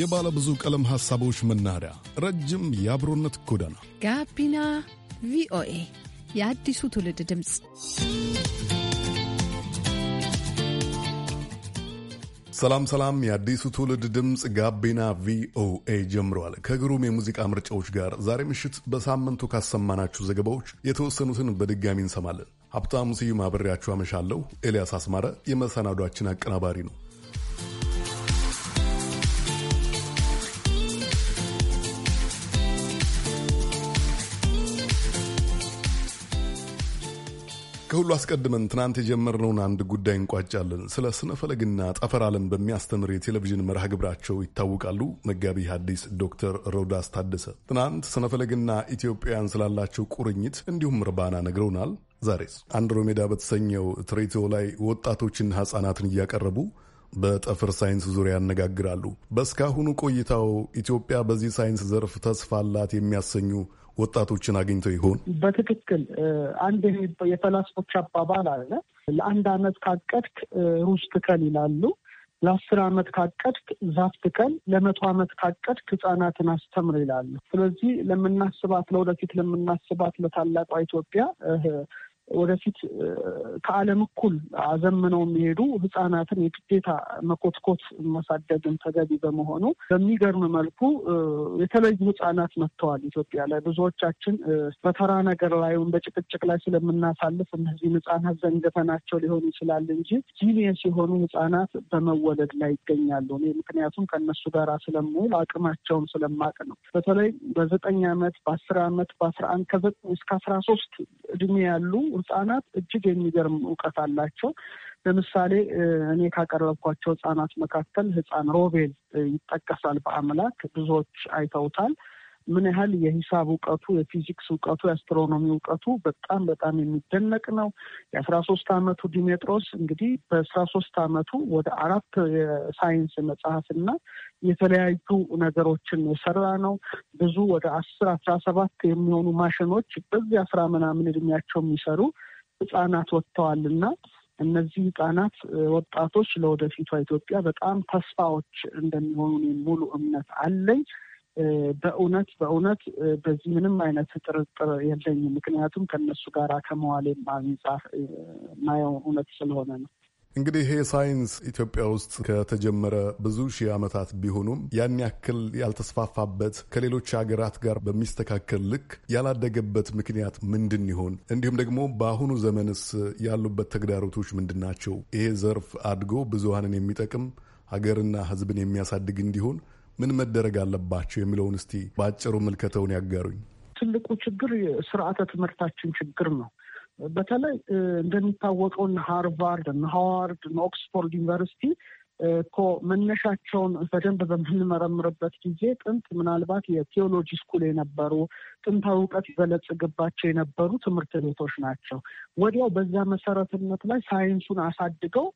የባለ ብዙ ቀለም ሐሳቦች መናኸሪያ፣ ረጅም የአብሮነት ጎዳና ጋቢና ቪኦኤ የአዲሱ ትውልድ ድምፅ። ሰላም ሰላም! የአዲሱ ትውልድ ድምፅ ጋቢና ቪኦኤ ጀምረዋል። ከግሩም የሙዚቃ ምርጫዎች ጋር ዛሬ ምሽት በሳምንቱ ካሰማናችሁ ዘገባዎች የተወሰኑትን በድጋሚ እንሰማለን። ሀብታሙ ስዩም አብሬያችሁ አመሻለሁ። ኤልያስ አስማረ የመሰናዷችን አቀናባሪ ነው። ከሁሉ አስቀድመን ትናንት የጀመርነውን አንድ ጉዳይ እንቋጫለን። ስለ ስነ ፈለግና ጠፈር ዓለም በሚያስተምር የቴሌቪዥን መርሃ ግብራቸው ይታወቃሉ መጋቢ ሐዲስ ዶክተር ሮዳስ ታደሰ ትናንት ስነ ፈለግና ኢትዮጵያውያን ስላላቸው ቁርኝት እንዲሁም እርባና ነግረውናል። ዛሬስ አንድሮሜዳ በተሰኘው ትሬቶ ላይ ወጣቶችና ሕፃናትን እያቀረቡ በጠፈር ሳይንስ ዙሪያ ያነጋግራሉ። በእስካሁኑ ቆይታው ኢትዮጵያ በዚህ ሳይንስ ዘርፍ ተስፋ አላት የሚያሰኙ ወጣቶችን አግኝተው ይሆን? በትክክል አንድ የፈላስፎች አባባል አለ። ለአንድ አመት ካቀድክ ሩዝ ትከል ይላሉ። ለአስር ዓመት ካቀድክ ዛፍ ትከል፣ ለመቶ ዓመት ካቀድክ ህጻናትን አስተምር ይላሉ። ስለዚህ ለምናስባት ለወደፊት ለምናስባት ለታላቋ ኢትዮጵያ ወደፊት ከዓለም እኩል አዘምነው የሚሄዱ ህጻናትን የግዴታ መኮትኮት ማሳደግን ተገቢ በመሆኑ በሚገርም መልኩ የተለዩ ህጻናት መጥተዋል ኢትዮጵያ ላይ። ብዙዎቻችን በተራ ነገር ላይ ወይም በጭቅጭቅ ላይ ስለምናሳልፍ እነዚህን ህጻናት ዘንግተናቸው ሊሆን ይችላል እንጂ ጂኒየስ የሆኑ ህጻናት በመወለድ ላይ ይገኛሉ። እኔ ምክንያቱም ከእነሱ ጋር ስለምውል አቅማቸውን ስለማቅ ነው። በተለይ በዘጠኝ ዓመት በአስር ዓመት በአስራ አንድ ከዘጠኝ እስከ አስራ ሶስት እድሜ ያሉ ህጻናት እጅግ የሚገርም እውቀት አላቸው። ለምሳሌ እኔ ካቀረብኳቸው ህጻናት መካከል ህጻን ሮቤል ይጠቀሳል። በአምላክ ብዙዎች አይተውታል። ምን ያህል የሂሳብ እውቀቱ፣ የፊዚክስ እውቀቱ፣ የአስትሮኖሚ እውቀቱ በጣም በጣም የሚደነቅ ነው። የአስራ ሶስት አመቱ ዲሜጥሮስ እንግዲህ በአስራ ሶስት አመቱ ወደ አራት የሳይንስ መጽሐፍና የተለያዩ ነገሮችን የሰራ ነው። ብዙ ወደ አስር አስራ ሰባት የሚሆኑ ማሽኖች በዚህ አስራ ምናምን እድሜያቸው የሚሰሩ ህጻናት ወጥተዋልና እነዚህ ህጻናት ወጣቶች ለወደፊቷ ኢትዮጵያ በጣም ተስፋዎች እንደሚሆኑ ሙሉ እምነት አለኝ። በእውነት በእውነት በዚህ ምንም አይነት ጥርጥር የለኝም። ምክንያቱም ከእነሱ ጋር ከመዋሌ አንጻር ማየው እውነት ስለሆነ ነው። እንግዲህ ይሄ ሳይንስ ኢትዮጵያ ውስጥ ከተጀመረ ብዙ ሺህ ዓመታት ቢሆኑም ያን ያክል ያልተስፋፋበት ከሌሎች ሀገራት ጋር በሚስተካከል ልክ ያላደገበት ምክንያት ምንድን ይሆን? እንዲሁም ደግሞ በአሁኑ ዘመንስ ያሉበት ተግዳሮቶች ምንድን ናቸው? ይሄ ዘርፍ አድጎ ብዙሀንን የሚጠቅም ሀገርና ሕዝብን የሚያሳድግ እንዲሆን ምን መደረግ አለባቸው የሚለውን እስቲ በአጭሩ ምልከተውን ያጋሩኝ። ትልቁ ችግር የስርዓተ ትምህርታችን ችግር ነው። በተለይ እንደሚታወቀው እነ ሃርቫርድ፣ እነ ሃዋርድ፣ እነ ኦክስፎርድ ዩኒቨርሲቲ እኮ መነሻቸውን በደንብ በምንመረምርበት ጊዜ ጥንት ምናልባት የቴዎሎጂ ስኩል የነበሩ ጥንታዊ እውቀት ይበለጽግባቸው የነበሩ ትምህርት ቤቶች ናቸው። ወዲያው በዛ መሰረትነት ላይ ሳይንሱን አሳድገው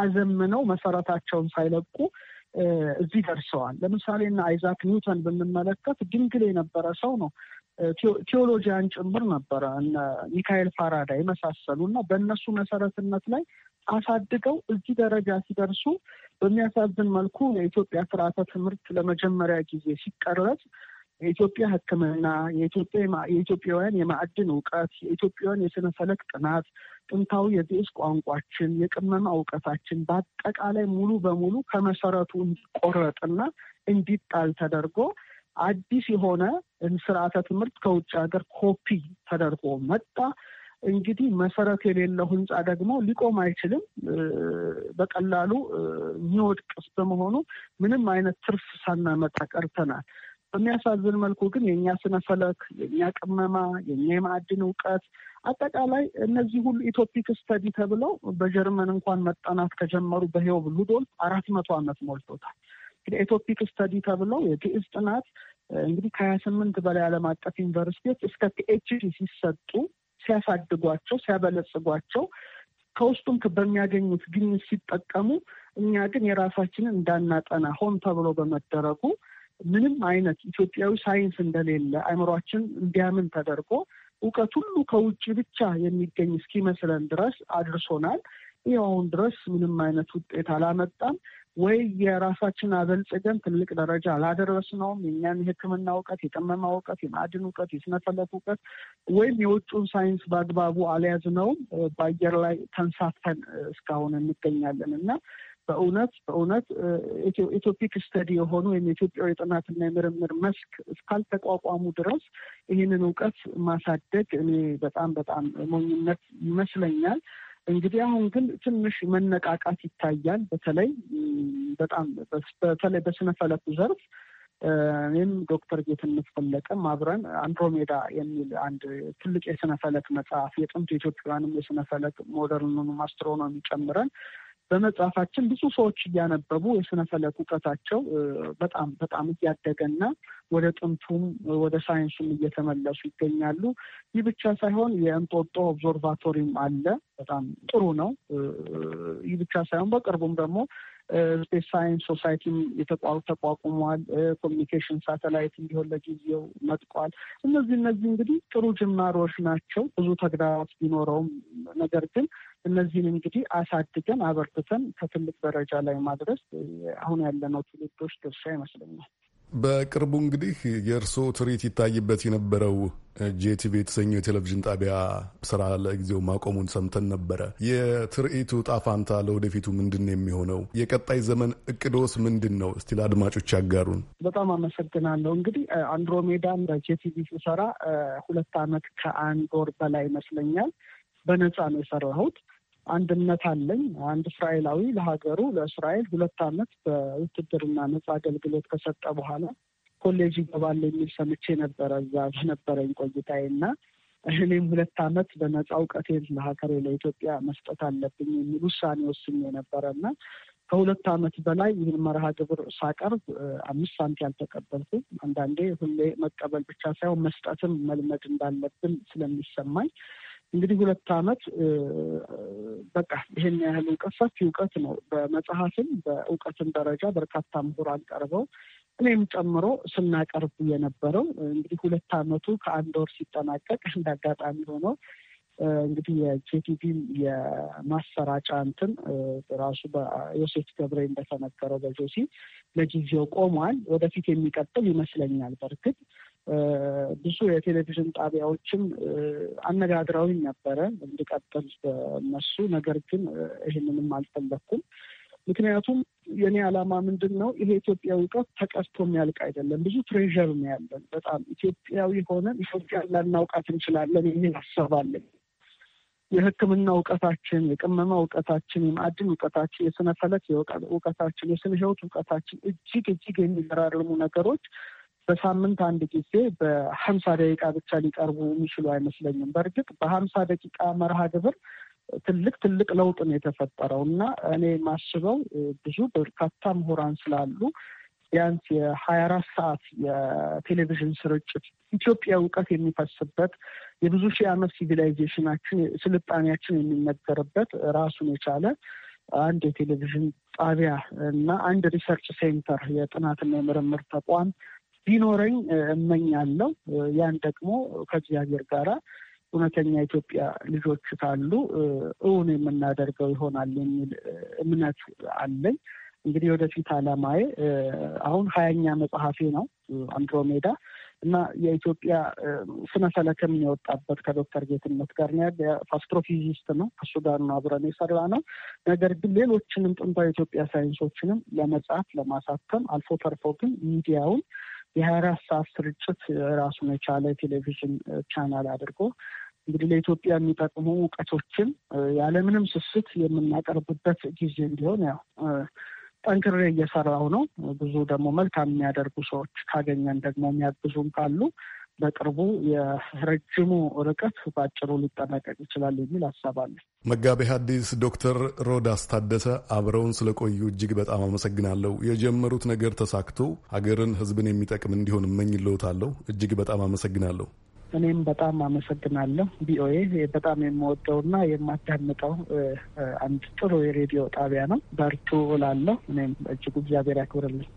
አዘምነው መሰረታቸውን ሳይለቁ እዚህ ደርሰዋል። ለምሳሌ እና አይዛክ ኒውተን ብንመለከት ድንግል የነበረ ሰው ነው። ቴዎሎጂያን ጭምር ነበረ እነ ሚካኤል ፋራዳ የመሳሰሉ እና በእነሱ መሰረትነት ላይ አሳድገው እዚህ ደረጃ ሲደርሱ በሚያሳዝን መልኩ የኢትዮጵያ ስርዓተ ትምህርት ለመጀመሪያ ጊዜ ሲቀረጽ የኢትዮጵያ ሕክምና የኢትዮጵያውያን የማዕድን እውቀት የኢትዮጵያውያን የስነ ፈለክ ጥናት ጥንታዊ የግዕዝ ቋንቋችን፣ የቅመማ እውቀታችን በአጠቃላይ ሙሉ በሙሉ ከመሰረቱ እንዲቆረጥና እንዲጣል ተደርጎ አዲስ የሆነ ስርዓተ ትምህርት ከውጭ ሀገር ኮፒ ተደርጎ መጣ። እንግዲህ መሰረት የሌለው ህንፃ ደግሞ ሊቆም አይችልም። በቀላሉ የሚወድቅ በመሆኑ ምንም አይነት ትርፍ ሳናመጣ ቀርተናል። በሚያሳዝን መልኩ ግን የእኛ ስነፈለክ፣ የእኛ ቅመማ፣ የእኛ የማዕድን እውቀት አጠቃላይ እነዚህ ሁሉ ኢትዮፒክ ስተዲ ተብለው በጀርመን እንኳን መጠናት ከጀመሩ በሄው ሉዶል አራት መቶ ዓመት ሞልቶታል። እንግዲህ ኢትዮፒክ ስተዲ ተብለው የግዕዝ ጥናት እንግዲህ ከሀያ ስምንት በላይ ዓለም አቀፍ ዩኒቨርሲቲዎች እስከ ፒኤችዲ ሲሰጡ ሲያሳድጓቸው ሲያበለጽጓቸው ከውስጡም በሚያገኙት ግኝት ሲጠቀሙ እኛ ግን የራሳችንን እንዳናጠና ሆን ተብሎ በመደረጉ ምንም አይነት ኢትዮጵያዊ ሳይንስ እንደሌለ አይምሯችን እንዲያምን ተደርጎ እውቀት ሁሉ ከውጭ ብቻ የሚገኝ እስኪመስለን ድረስ አድርሶናል። ይኸውን ድረስ ምንም አይነት ውጤት አላመጣም። ወይ የራሳችን አበልጽገን ትልቅ ደረጃ አላደረስነውም። የእኛን የሕክምና እውቀት፣ የጠመማ እውቀት፣ የማዕድን እውቀት፣ የስነፈለክ እውቀት ወይም የውጩን ሳይንስ በአግባቡ አልያዝነውም። በአየር ላይ ተንሳፈን እስካሁን እንገኛለን እና በእውነት በእውነት ኢትዮፒክ ስተዲ የሆኑ ወይም የኢትዮጵያ የጥናትና የምርምር መስክ እስካልተቋቋሙ ድረስ ይህንን እውቀት ማሳደግ እኔ በጣም በጣም ሞኝነት ይመስለኛል። እንግዲህ አሁን ግን ትንሽ መነቃቃት ይታያል። በተለይ በጣም በተለይ በስነ ዘርፍ እኔም ዶክተር ጌትነት ፈለቀም አብረን አንድሮሜዳ የሚል አንድ ትልቅ የስነፈለክ መጽሐፍ የጥንት ኢትዮጵያውያንም የስነፈለክ ሞደርኑንም አስትሮኖሚ ጨምረን በመጽሐፋችን ብዙ ሰዎች እያነበቡ የስነ ፈለክ እውቀታቸው በጣም በጣም እያደገና ወደ ጥንቱም ወደ ሳይንሱም እየተመለሱ ይገኛሉ። ይህ ብቻ ሳይሆን የእንጦጦ ኦብዘርቫቶሪም አለ። በጣም ጥሩ ነው። ይህ ብቻ ሳይሆን በቅርቡም ደግሞ ስፔስ ሳይንስ ሶሳይቲም ተቋቁሟል። ኮሚኒኬሽን ሳተላይት እንዲሆን ለጊዜው መጥቋል። እነዚህ እነዚህ እንግዲህ ጥሩ ጅማሮች ናቸው። ብዙ ተግዳሮት ቢኖረውም ነገር ግን እነዚህን እንግዲህ አሳድገን አበርትተን ከትልቅ ደረጃ ላይ ማድረስ አሁን ያለነው ትውልዶች ድርሻ ይመስለኛል። በቅርቡ እንግዲህ የእርስዎ ትርኢት ይታይበት የነበረው ጄቲቪ የተሰኘው የቴሌቪዥን ጣቢያ ስራ ለጊዜው ማቆሙን ሰምተን ነበረ። የትርኢቱ ጣፋንታ ለወደፊቱ ምንድን የሚሆነው? የቀጣይ ዘመን እቅዶስ ምንድን ነው? እስቲ ለአድማጮች ያጋሩን። በጣም አመሰግናለሁ። እንግዲህ አንድሮሜዳን በጄቲቪ ስሰራ ሁለት ዓመት ከአንድ ወር በላይ ይመስለኛል በነፃ ነው የሰራሁት። አንድነት አለኝ። አንድ እስራኤላዊ ለሀገሩ ለእስራኤል ሁለት ዓመት በውትድርና ነጻ አገልግሎት ከሰጠ በኋላ ኮሌጅ ይገባል የሚል ሰምቼ ነበረ እዛ በነበረኝ ቆይታዬ እና እኔም ሁለት ዓመት በነጻ እውቀቴን ለሀገሬ ለኢትዮጵያ መስጠት አለብኝ የሚል ውሳኔ ወስኜ ነበረ እና ከሁለት ዓመት በላይ ይህን መርሃ ግብር ሳቀርብ አምስት ሳንቲም ያልተቀበልኩም። አንዳንዴ ሁሌ መቀበል ብቻ ሳይሆን መስጠትም መልመድ እንዳለብን ስለሚሰማኝ እንግዲህ ሁለት ዓመት በቃ ይህን ያህል እውቀት ሰፊ እውቀት ነው። በመጽሐፍም በእውቀትም ደረጃ በርካታ ምሁራን ቀርበው እኔም ጨምሮ ስናቀርብ የነበረው እንግዲህ ሁለት ዓመቱ ከአንድ ወር ሲጠናቀቅ እንደ አጋጣሚ ሆኖ እንግዲህ የኬቲቪ የማሰራጫ እንትን ራሱ በዮሴፍ ገብሬ እንደተነገረው በጆሲ ለጊዜው ቆሟል። ወደፊት የሚቀጥል ይመስለኛል በእርግጥ ብዙ የቴሌቪዥን ጣቢያዎችም አነጋግረውኝ ነበረ እንድቀጥል በእነሱ። ነገር ግን ይህንንም አልፈለግኩም። ምክንያቱም የኔ ዓላማ ምንድን ነው? ይሄ ኢትዮጵያዊ እውቀት ተቀስቶ የሚያልቅ አይደለም። ብዙ ትሬዠር ነው ያለን። በጣም ኢትዮጵያዊ ሆነን ኢትዮጵያን ላናውቃት እንችላለን የሚል ሀሳብ አለኝ። የሕክምና እውቀታችን፣ የቅመማ እውቀታችን፣ የማዕድን እውቀታችን፣ የስነ ፈለክ እውቀታችን፣ የስነ ህይወት እውቀታችን እጅግ እጅግ የሚገራርሙ ነገሮች በሳምንት አንድ ጊዜ በሀምሳ ደቂቃ ብቻ ሊቀርቡ የሚችሉ አይመስለኝም። በእርግጥ በሀምሳ ደቂቃ መርሃ ግብር ትልቅ ትልቅ ለውጥ ነው የተፈጠረው እና እኔ ማስበው ብዙ በርካታ ምሁራን ስላሉ ቢያንስ የሀያ አራት ሰዓት የቴሌቪዥን ስርጭት ኢትዮጵያ እውቀት የሚፈስበት የብዙ ሺህ ዓመት ሲቪላይዜሽናችን ስልጣኔያችን የሚነገርበት ራሱን የቻለ አንድ የቴሌቪዥን ጣቢያ እና አንድ ሪሰርች ሴንተር የጥናትና የምርምር ተቋም ሊኖረኝ እመኛለሁ። ያን ደግሞ ከእግዚአብሔር ጋር እውነተኛ ኢትዮጵያ ልጆች ካሉ እውን የምናደርገው ይሆናል የሚል እምነት አለኝ። እንግዲህ ወደፊት አላማዬ አሁን ሀያኛ መጽሐፌ ነው አንድሮሜዳ እና የኢትዮጵያ ስነፈለክም የወጣበት ከዶክተር ጌትነት ጋር አስትሮፊዚስት ነው። ከሱ ጋር ነው አብረን የሰራ ነው። ነገር ግን ሌሎችንም ጥንታዊ የኢትዮጵያ ሳይንሶችንም ለመጻፍ ለማሳተም አልፎ ተርፎ ግን ሚዲያውን የሀያ አራት ሰዓት ስርጭት ራሱን የቻለ ቴሌቪዥን ቻናል አድርጎ እንግዲህ ለኢትዮጵያ የሚጠቅሙ እውቀቶችን ያለምንም ስስት የምናቀርብበት ጊዜ እንዲሆን ያው ጠንክሬ እየሰራሁ ነው። ብዙ ደግሞ መልካም የሚያደርጉ ሰዎች ካገኘን ደግሞ የሚያግዙም ካሉ በቅርቡ የረጅሙ ርቀት በአጭሩ ሊጠናቀቅ ይችላል የሚል ሀሳብ አለ። መጋቤ ሐዲስ ዶክተር ሮዳስ ታደሰ አብረውን ስለቆዩ እጅግ በጣም አመሰግናለሁ። የጀመሩት ነገር ተሳክቶ ሀገርን፣ ህዝብን የሚጠቅም እንዲሆን እመኝልዎታለሁ። እጅግ በጣም አመሰግናለሁ። እኔም በጣም አመሰግናለሁ። ቪኦኤ በጣም የምወደውና የማዳምጠው አንድ ጥሩ የሬዲዮ ጣቢያ ነው። በርቱ እላለሁ። እኔም እጅጉ እግዚአብሔር ያክብርልኝ።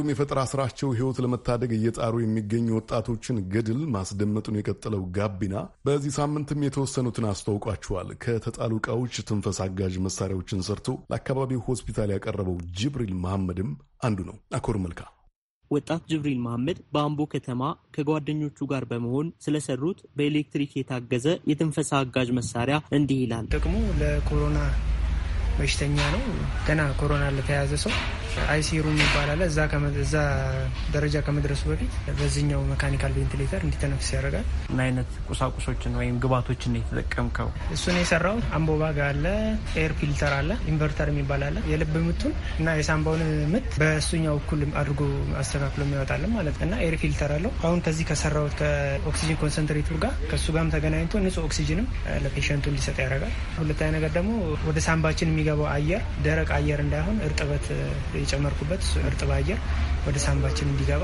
ከግሩም የፈጠራ ስራቸው ህይወት ለመታደግ እየጣሩ የሚገኙ ወጣቶችን ገድል ማስደመጡን የቀጠለው ጋቢና በዚህ ሳምንትም የተወሰኑትን አስተዋውቋቸዋል። ከተጣሉ እቃዎች ትንፈስ አጋዥ መሳሪያዎችን ሰርቶ ለአካባቢው ሆስፒታል ያቀረበው ጅብሪል መሐመድም አንዱ ነው። አኮር መልካ ወጣት ጅብሪል መሐመድ በአምቦ ከተማ ከጓደኞቹ ጋር በመሆን ስለሰሩት በኤሌክትሪክ የታገዘ የትንፈሳ አጋዥ መሳሪያ እንዲህ ይላል። ጥቅሙ ለኮሮና በሽተኛ ነው። ገና ኮሮና ለተያዘ ሰው አይሲሩ ይባላል። እዛ ደረጃ ከመድረሱ በፊት በዚህኛው መካኒካል ቬንቲሌተር እንዲተነፍስ ያደርጋል። ምን አይነት ቁሳቁሶችን ወይም ግብዓቶችን የተጠቀምከው? እሱን የሰራው ጋ አለ፣ ኤር ፊልተር አለ፣ ኢንቨርተር የሚባል አለ። የልብ ምቱን እና የሳምባውን ምት በእሱኛው እኩል አድርጎ አስተካክሎ የሚያወጣለን ማለት እና ኤር ፊልተር አለው። አሁን ከዚህ ከሰራውት ከኦክሲጅን ኮንሰንትሬቱ ጋር ከእሱ ጋም ተገናኝቶ ንጹህ ኦክሲጅንም ለፔሸንቱ እንዲሰጥ ያደርጋል። ሁለተኛ ነገር ደግሞ ወደ ሳምባችን የሚገባው አየር ደረቅ አየር እንዳይሆን እርጥበት የጨመርኩበት እርጥብ አየር ወደ ሳንባችን እንዲገባ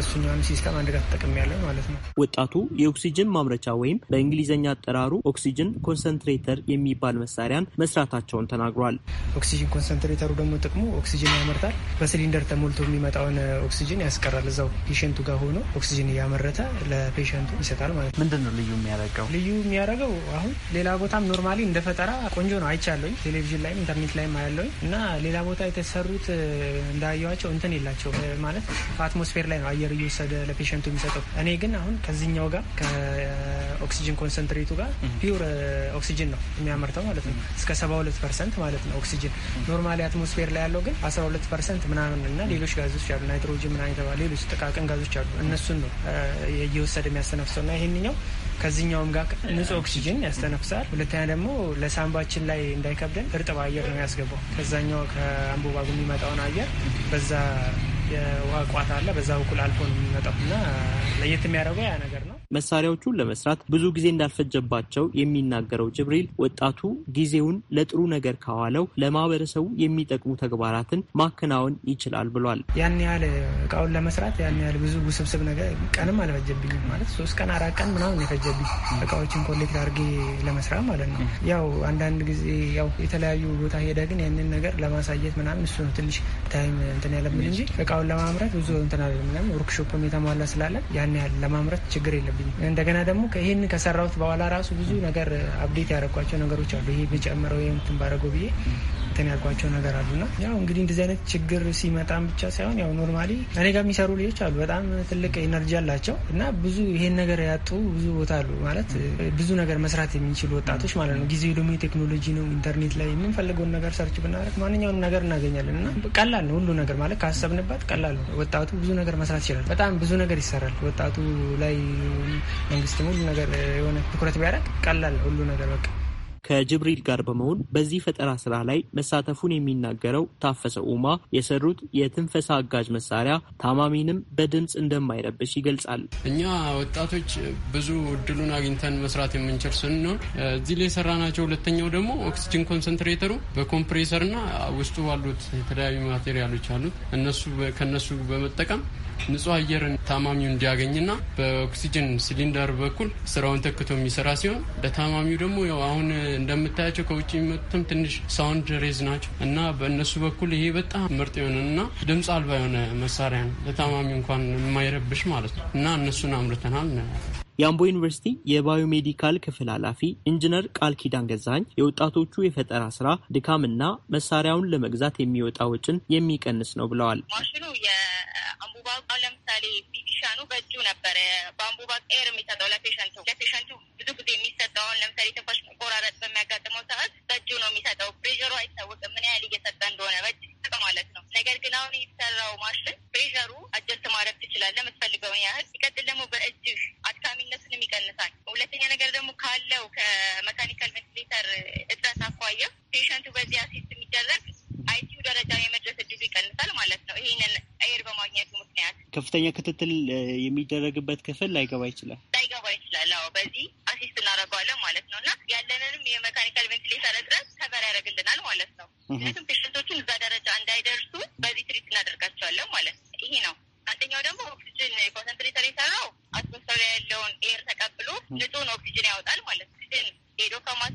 እሱኛውን ሲስተም አንድ ጋር ተጠቅም ያለ ማለት ነው። ወጣቱ የኦክሲጅን ማምረቻ ወይም በእንግሊዝኛ አጠራሩ ኦክሲጅን ኮንሰንትሬተር የሚባል መሳሪያን መስራታቸውን ተናግሯል። ኦክሲጅን ኮንሰንትሬተሩ ደግሞ ጥቅሙ ኦክሲጅን ያመርታል። በሲሊንደር ተሞልቶ የሚመጣውን ኦክሲጅን ያስቀራል። እዛው ፔሸንቱ ጋር ሆኖ ኦክሲጅን እያመረተ ለፔሸንቱ ይሰጣል ማለት ነው። ምንድን ነው ልዩ የሚያደርገው? ልዩ የሚያደርገው አሁን ሌላ ቦታም ኖርማሊ እንደ ፈጠራ ቆንጆ ነው አይቻለኝ። ቴሌቪዥን ላይም ኢንተርኔት ላይም አያለኝ እና ሌላ ቦታ የተሰሩት እንዳየዋቸው እንትን የላቸው? ማለት አትሞስፌር ላይ ነው አየር እየወሰደ ለፔሸንቱ የሚሰጠው። እኔ ግን አሁን ከዚህኛው ጋር ከኦክሲጅን ኮንሰንትሬቱ ጋር ፒውር ኦክሲጅን ነው የሚያመርተው ማለት ነው እስከ 72 ፐርሰንት ማለት ነው ኦክሲጅን። ኖርማሊ አትሞስፌር ላይ ያለው ግን 12 ፐርሰንት ምናምን እና ሌሎች ጋዞች አሉ ናይትሮጅን ምናምን የተባሉ ሌሎች ጥቃቅን ጋዞች አሉ። እነሱን ነው እየወሰደ የሚያስተነፍሰው እና ይሄንኛው ከዚህኛውም ጋር ንጹህ ኦክሲጅን ያስተነፍሳል። ሁለተኛ ደግሞ ለሳንባችን ላይ እንዳይከብደን እርጥብ አየር ነው ያስገባው ከዛኛው ከአንቦባጉ የሚመጣውን አየር በዛ የውሃ ቋት አለ። በዛ በኩል አልፎ ነው የሚመጣው እና ለየት የሚያደርገው ያ ነገር ነው። መሳሪያዎቹን ለመስራት ብዙ ጊዜ እንዳልፈጀባቸው የሚናገረው ጅብሪል ወጣቱ ጊዜውን ለጥሩ ነገር ካዋለው ለማህበረሰቡ የሚጠቅሙ ተግባራትን ማከናወን ይችላል ብሏል። ያን ያህል እቃውን ለመስራት ያን ያህል ብዙ ውስብስብ ነገር ቀንም አልፈጀብኝም ማለት ሶስት ቀን አራት ቀን ምናምን የፈጀብኝ እቃዎችን ኮሌክት አድርጌ ለመስራት ማለት ነው። ያው አንዳንድ ጊዜ ያው የተለያዩ ቦታ ሄደ ግን ያንን ነገር ለማሳየት ምናምን እሱ ነው ትንሽ ታይም እንትን ያለብን እንጂ እቃው አሁን ለማምረት ብዙ እንትን አይደለም፣ ወርክሾፕም የተሟላ ስላለ ያን ያህል ለማምረት ችግር የለብኝም። እንደገና ደግሞ ይህን ከሰራሁት በኋላ ራሱ ብዙ ነገር አብዴት ያደረኳቸው ነገሮች አሉ። ይሄ ብጨምረው ይሄ እንትን ባረገው ብዬ እንትን ያልኳቸው ነገር አሉና ያው እንግዲህ እንደዚህ አይነት ችግር ሲመጣም ብቻ ሳይሆን ያው ኖርማሊ እኔ ጋር የሚሰሩ ልጆች አሉ። በጣም ትልቅ ኤነርጂ አላቸው እና ብዙ ይሄን ነገር ያጡ ብዙ ቦታ አሉ ማለት ብዙ ነገር መስራት የሚችሉ ወጣቶች ማለት ነው። ጊዜው ደግሞ የቴክኖሎጂ ነው። ኢንተርኔት ላይ የምንፈልገውን ነገር ሰርች ብናደርግ ማንኛውን ነገር እናገኛለን እና ቀላል ነው ሁሉ ነገር ማለት ካሰብንባት ቀላል ነው። ወጣቱ ብዙ ነገር መስራት ይችላል። በጣም ብዙ ነገር ይሰራል። ወጣቱ ላይ መንግስትም ሁሉ ነገር የሆነ ትኩረት ቢያደርግ ቀላል ነው ሁሉ ነገር በቃ ከጅብሪል ጋር በመሆን በዚህ ፈጠራ ስራ ላይ መሳተፉን የሚናገረው ታፈሰ ኡማ የሰሩት የትንፈሳ አጋዥ መሳሪያ ታማሚንም በድምፅ እንደማይረብሽ ይገልጻል። እኛ ወጣቶች ብዙ እድሉን አግኝተን መስራት የምንችል ስንሆን እዚህ ላይ የሰራ ናቸው። ሁለተኛው ደግሞ ኦክሲጅን ኮንሰንትሬተሩ በኮምፕሬሰርና ውስጡ ባሉት የተለያዩ ማቴሪያሎች አሉት እነሱ ከነሱ በመጠቀም ንጹህ አየርን ታማሚው እንዲያገኝና በኦክሲጅን ሲሊንደር በኩል ስራውን ተክቶ የሚሰራ ሲሆን ለታማሚው ደግሞ ያው አሁን እንደምታያቸው ከውጭ የሚመጡትም ትንሽ ሳውንድ ሬዝ ናቸው እና በእነሱ በኩል ይሄ በጣም ምርጥ የሆነና ድምፅ አልባ የሆነ መሳሪያ ነው። ለታማሚው እንኳን የማይረብሽ ማለት ነው እና እነሱን አምርተናል። የአምቦ ዩኒቨርሲቲ የባዮሜዲካል ክፍል ኃላፊ ኢንጂነር ቃል ኪዳን ገዛኝ የወጣቶቹ የፈጠራ ስራ ድካምና መሳሪያውን ለመግዛት የሚወጣ ወጭን የሚቀንስ ነው ብለዋል። ማሽኑ ባምቡባ ለምሳሌ ፊዚሻኑ በእጁ ነበረ ባምቡባ ኤር የሚሰጠው ለፔሸንቱ ለፔሸንቱ ብዙ ጊዜ የሚሰጠውን ለምሳሌ ትንፋሽ መቆራረጥ በሚያጋጥመው ሰዓት በእጁ ነው የሚሰጠው። ፕሬሩ አይታወቅም ምን ያህል እየሰጠ እንደሆነ በእጅ ማለት ነው። ነገር ግን አሁን የተሰራው ማሽን ፕሬሩ አጀስት ማድረግ ትችላለህ የምትፈልገውን ያህል። ሲቀጥል ደግሞ በእጅ አድካሚነቱን ይቀንሳል። ሁለተኛ ነገር ደግሞ ካለው ከመካኒካል ቬንትሌተር እጥረት አኳየ ፔሸንቱ በዚህ አሲስት የሚደረግ ደረጃ የመድረስ እድሉ ይቀንሳል ማለት ነው። ይህንን አየር በማግኘቱ ምክንያት ከፍተኛ ክትትል የሚደረግበት ክፍል ላይገባ ይችላል ላይገባ ይችላል። አዎ በዚህ አሲስት እናደርገዋለን ማለት ነው እና ያለንንም የመካኒካል ቬንትሌተር እጥረት ከበር ያደርግልናል ማለት ነው። ምክንያቱም ፔሽንቶችን እዛ ደረጃ እንዳይደርሱ በዚህ ትሪት እናደርጋቸዋለን ማለት ነው። ይሄ ነው። አንደኛው ደግሞ ኦክሲጅን ኮንሰንትሬተር የሰራው አስፖስተር ያለውን ኤር ተቀብሎ ንጹህን ኦክሲጅን ያወጣል ማለት ነው። ኦክሲጅን ሄዶ ከማስ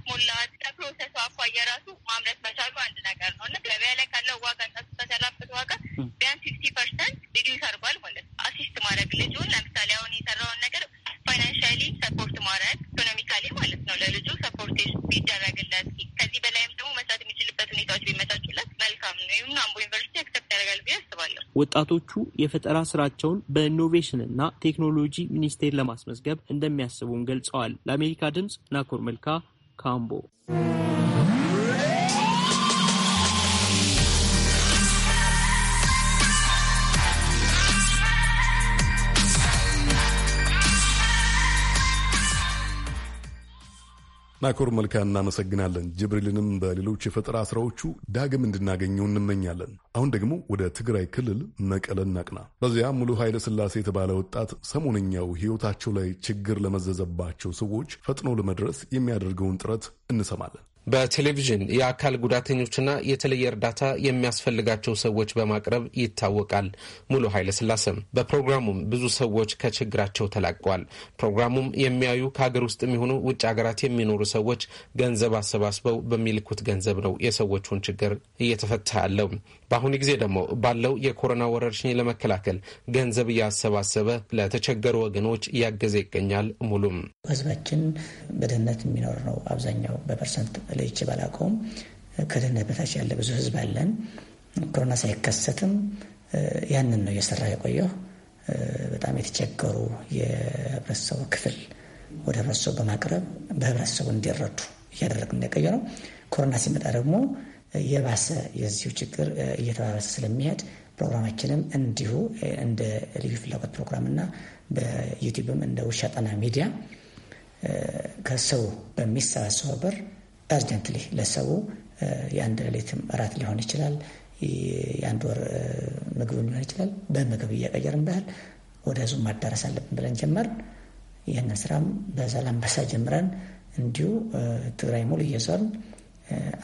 ወጣቶቹ የፈጠራ ስራቸውን በኢኖቬሽንና ቴክኖሎጂ ሚኒስቴር ለማስመዝገብ እንደሚያስቡም ገልጸዋል። ለአሜሪካ ድምፅ ናኮር መልካ ካምቦ ናኮር መልካ እናመሰግናለን። ጅብሪልንም በሌሎች የፈጠራ ስራዎቹ ዳግም እንድናገኘው እንመኛለን። አሁን ደግሞ ወደ ትግራይ ክልል መቀለ እናቅና። በዚያ ሙሉ ኃይለ ስላሴ የተባለ ወጣት ሰሞነኛው ሕይወታቸው ላይ ችግር ለመዘዘባቸው ሰዎች ፈጥኖ ለመድረስ የሚያደርገውን ጥረት እንሰማለን። በቴሌቪዥን የአካል ጉዳተኞችና የተለየ እርዳታ የሚያስፈልጋቸው ሰዎች በማቅረብ ይታወቃል። ሙሉ ኃይለ ስላሴም በፕሮግራሙም ብዙ ሰዎች ከችግራቸው ተላቀዋል። ፕሮግራሙም የሚያዩ ከሀገር ውስጥ የሚሆኑ ውጭ ሀገራት የሚኖሩ ሰዎች ገንዘብ አሰባስበው በሚልኩት ገንዘብ ነው የሰዎቹን ችግር እየተፈታ ያለው። በአሁኑ ጊዜ ደግሞ ባለው የኮሮና ወረርሽኝ ለመከላከል ገንዘብ እያሰባሰበ ለተቸገሩ ወገኖች እያገዘ ይገኛል። ሙሉም ህዝባችን በድህነት የሚኖር ነው። አብዛኛው በፐርሰንት ለይቼ ባላውቀውም ከድህነት በታች ያለ ብዙ ህዝብ አለን። ኮሮና ሳይከሰትም ያንን ነው እየሰራ የቆየው። በጣም የተቸገሩ የህብረተሰቡ ክፍል ወደ ህብረተሰቡ በማቅረብ በህብረተሰቡ እንዲረዱ እያደረግን ነው ነው። ኮሮና ሲመጣ ደግሞ የባሰ የዚሁ ችግር እየተባባሰ ስለሚሄድ ፕሮግራማችንም እንዲሁ እንደ ልዩ ፍላጎት ፕሮግራምና በዩቲዩብም እንደ ውሻጠና ጠና ሚዲያ ከሰው በሚሰባሰበው ብር አርጀንትሊ ለሰው የአንድ ሌሊትም እራት ሊሆን ይችላል፣ የአንድ ወር ምግብ ሊሆን ይችላል። በምግብ እየቀየርን ባህል ወደ ህዝቡ ማዳረስ አለብን ብለን ጀመርን። ይህንን ስራም በዛላምበሳ ጀምረን እንዲሁ ትግራይ ሙሉ እየዞርን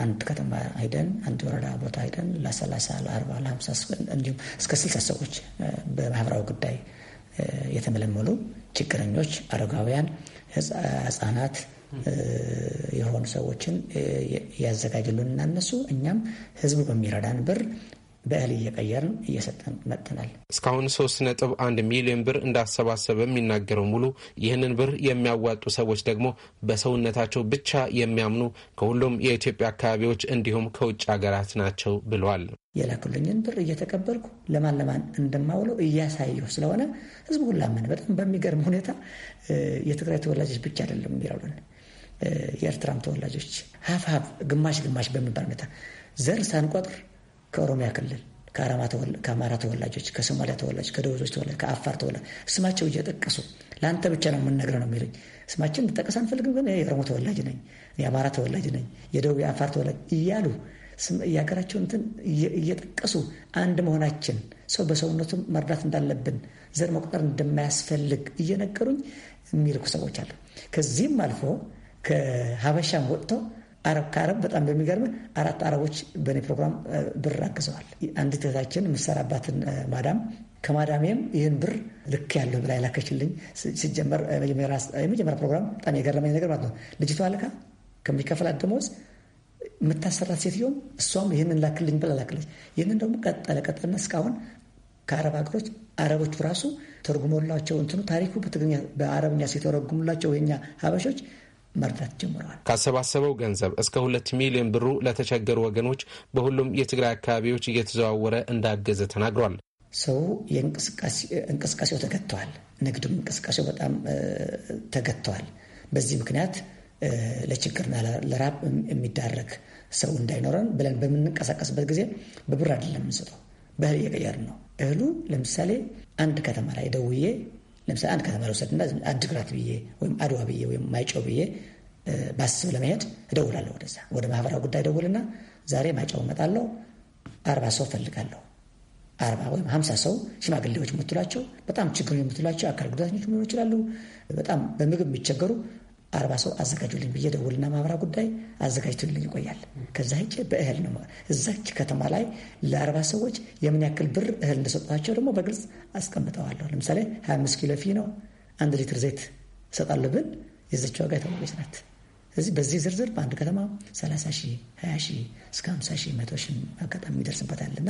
አንድ ከተማ ሄደን አንድ ወረዳ ቦታ ሄደን ለሰላሳ ለአርባ ለሀምሳ እንዲሁም እስከ ስልሳ ሰዎች በማህበራዊ ጉዳይ የተመለመሉ ችግረኞች፣ አረጋውያን፣ ህጻናት የሆኑ ሰዎችን ያዘጋጅሉን እና እነሱ እኛም ህዝቡ በሚረዳን ብር በእህል እየቀየርን እየሰጠን መጥተናል። እስካሁን ሶስት ነጥብ አንድ ሚሊዮን ብር እንዳሰባሰበ የሚናገረው ሙሉ ይህንን ብር የሚያዋጡ ሰዎች ደግሞ በሰውነታቸው ብቻ የሚያምኑ ከሁሉም የኢትዮጵያ አካባቢዎች እንዲሁም ከውጭ ሀገራት ናቸው ብሏል። የላኩልኝን ብር እየተቀበልኩ ለማን ለማን እንደማውለው እያሳየሁ ስለሆነ ህዝቡ ሁላምን በጣም በሚገርም ሁኔታ የትግራይ ተወላጆች ብቻ አይደለም የሚረዱን የኤርትራም ተወላጆች ሀፍ ሀፍ ግማሽ ግማሽ በሚባል ሁኔታ ዘር ሳንቆጥር ከኦሮሚያ ክልል ከአማራ ተወላጆች፣ ከሶማሊያ ተወላጆች፣ ከደቡዞች ተወላጅ፣ ከአፋር ተወላጅ ስማቸው እየጠቀሱ ለአንተ ብቻ ነው የምንነግረው ነው የሚሉኝ። ስማችን እንጠቀስ አንፈልግም፣ ግን የኦሮሞ ተወላጅ ነኝ፣ የአማራ ተወላጅ ነኝ፣ የደቡብ የአፋር ተወላጅ እያሉ የሀገራቸው እንትን እየጠቀሱ አንድ መሆናችን ሰው በሰውነቱ መርዳት እንዳለብን ዘር መቁጠር እንደማያስፈልግ እየነገሩኝ የሚልኩ ሰዎች አሉ። ከዚህም አልፎ ከሀበሻም ወጥተው አረብ ከአረብ በጣም በሚገርም አራት አረቦች በእኔ ፕሮግራም ብር አግዘዋል። አንድ እህታችን የምሰራባትን ማዳም ከማዳሜም ይህን ብር ልክ ያለሁ ብላ ላከችልኝ ሲጀመር የመጀመሪያ ፕሮግራም በጣም የገረመኝ ነገር ማለት ነው። ልጅቷ ልካ ከሚከፈላት ደመወዝ የምታሰራት ሴትዮም እሷም ይህንን ላክልኝ ብላ ላክልኝ። ይህንን ደግሞ ቀጠለ ቀጠለና እስካሁን ከአረብ ሀገሮች አረቦቹ ራሱ ተርጉሞላቸው እንትኑ ታሪኩ በትግርኛ በአረብኛ ሲተረጉሙላቸው የኛ ሀበሾች መርዳት ጀምረዋል። ካሰባሰበው ገንዘብ እስከ ሁለት ሚሊዮን ብሩ ለተቸገሩ ወገኖች በሁሉም የትግራይ አካባቢዎች እየተዘዋወረ እንዳገዘ ተናግሯል። ሰው እንቅስቃሴው ተገጥተዋል። ንግድም እንቅስቃሴው በጣም ተገጥተዋል። በዚህ ምክንያት ለችግርና ለራብ የሚዳረግ ሰው እንዳይኖረን ብለን በምንንቀሳቀስበት ጊዜ በብር አይደለም የምንሰጠው፣ በእህል እየቀየርን ነው። እህሉ ለምሳሌ አንድ ከተማ ላይ ደውዬ ለምሳሌ አንድ ከተማ ልውሰድና ግራት ብዬ ወይም አድዋ ብዬ ወይም ማይጨው ብዬ ባስብ ለመሄድ እደውላለሁ። ወደዛ ወደ ማህበራዊ ጉዳይ ደውልና ዛሬ ማይጨው እመጣለሁ፣ አርባ ሰው ፈልጋለሁ። አርባ ወይም ሀምሳ ሰው ሽማግሌዎች የምትሏቸው፣ በጣም ችግር የምትሏቸው፣ አካል ጉዳተኞች ሊሆኑ ይችላሉ፣ በጣም በምግብ የሚቸገሩ አርባ ሰው አዘጋጁልኝ ብዬ ደውልና ማህበራ ጉዳይ አዘጋጅቶልኝ ይቆያል። ከዛ ሄጄ በእህል ነው እዛች ከተማ ላይ ለአርባ ሰዎች የምን ያክል ብር እህል እንደሰጣቸው ደግሞ በግልጽ አስቀምጠዋለሁ። ለምሳሌ 25 ኪሎ ፊ ነው አንድ ሊትር ዘይት እሰጣለሁ ብን የዘች ዋጋ የታወቀች ናት። በዚህ ዝርዝር በአንድ ከተማ 30 ሺህ 20 ሺህ እስከ 50 ሺህ ሺህ አጋጣሚ ይደርስበታል እና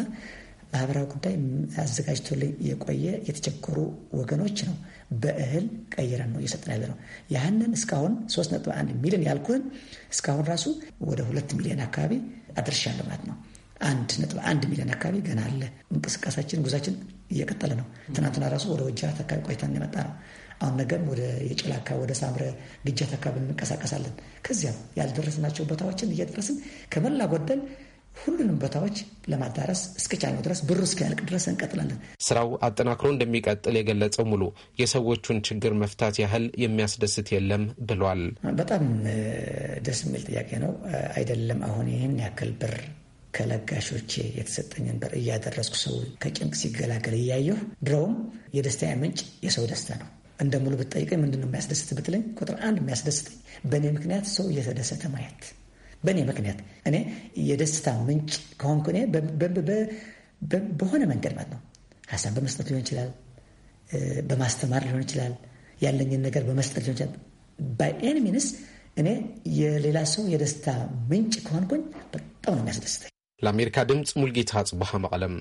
ማህበራዊ ጉዳይ አዘጋጅቶልኝ የቆየ የተቸኮሩ ወገኖች ነው በእህል ቀይረን ነው እየሰጠን ያለ ነው። ያህንን እስካሁን 3.1 ሚሊዮን ያልኩህን እስካሁን ራሱ ወደ ሁለት ሚሊዮን አካባቢ አድርሻለሁ ማለት ነው። አንድ ነጥብ አንድ ሚሊዮን አካባቢ ገና አለ። እንቅስቃሴያችን ጉዛችን እየቀጠለ ነው። ትናንትና ራሱ ወደ ወጀራት አካባቢ ቆይተን የመጣ ነው። አሁን ነገም ወደ አካባቢ ወደ ሳምረ ግጃት አካባቢ እንቀሳቀሳለን። ከዚያም ያልደረስናቸው ቦታዎችን እየደረስን ከመላ ጎደል ሁሉንም ቦታዎች ለማዳረስ እስከቻልነው ድረስ ብሩ እስኪያልቅ ድረስ እንቀጥላለን። ስራው አጠናክሮ እንደሚቀጥል የገለጸው ሙሉ የሰዎቹን ችግር መፍታት ያህል የሚያስደስት የለም ብሏል። በጣም ደስ የሚል ጥያቄ ነው አይደለም? አሁን ይህን ያክል ብር ከለጋሾቼ የተሰጠኝን ብር እያደረስኩ ሰው ከጭንቅ ሲገላገል እያየሁ ድሮውም የደስታ ምንጭ የሰው ደስታ ነው። እንደ ሙሉ ብትጠይቀኝ የሚያስደስት ብትለኝ ቁጥር አንድ የሚያስደስተኝ በእኔ ምክንያት ሰው እየተደሰተ ማየት በእኔ ምክንያት እኔ የደስታ ምንጭ ከሆንኩ እኔ በሆነ መንገድ ማለት ነው ሀሳብ በመስጠት ሊሆን ይችላል፣ በማስተማር ሊሆን ይችላል፣ ያለኝን ነገር በመስጠት ሊሆን ይችላል። ባይ ሚንስ እኔ የሌላ ሰው የደስታ ምንጭ ከሆንኩኝ በጣም ነው የሚያስደስተኝ። ለአሜሪካ ድምፅ ሙልጌታ ጽቡሃ መቀለም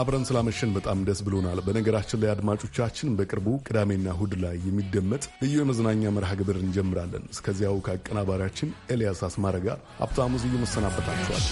አብረን ስላመሸን በጣም ደስ ብሎናል። በነገራችን ላይ አድማጮቻችን፣ በቅርቡ ቅዳሜና እሁድ ላይ የሚደመጥ ልዩ የመዝናኛ መርሃ ግብር እንጀምራለን። እስከዚያው ከአቀናባሪያችን ኤልያስ አስማረ ጋር ሀብታሙ ስዩም እሰናበታችኋል።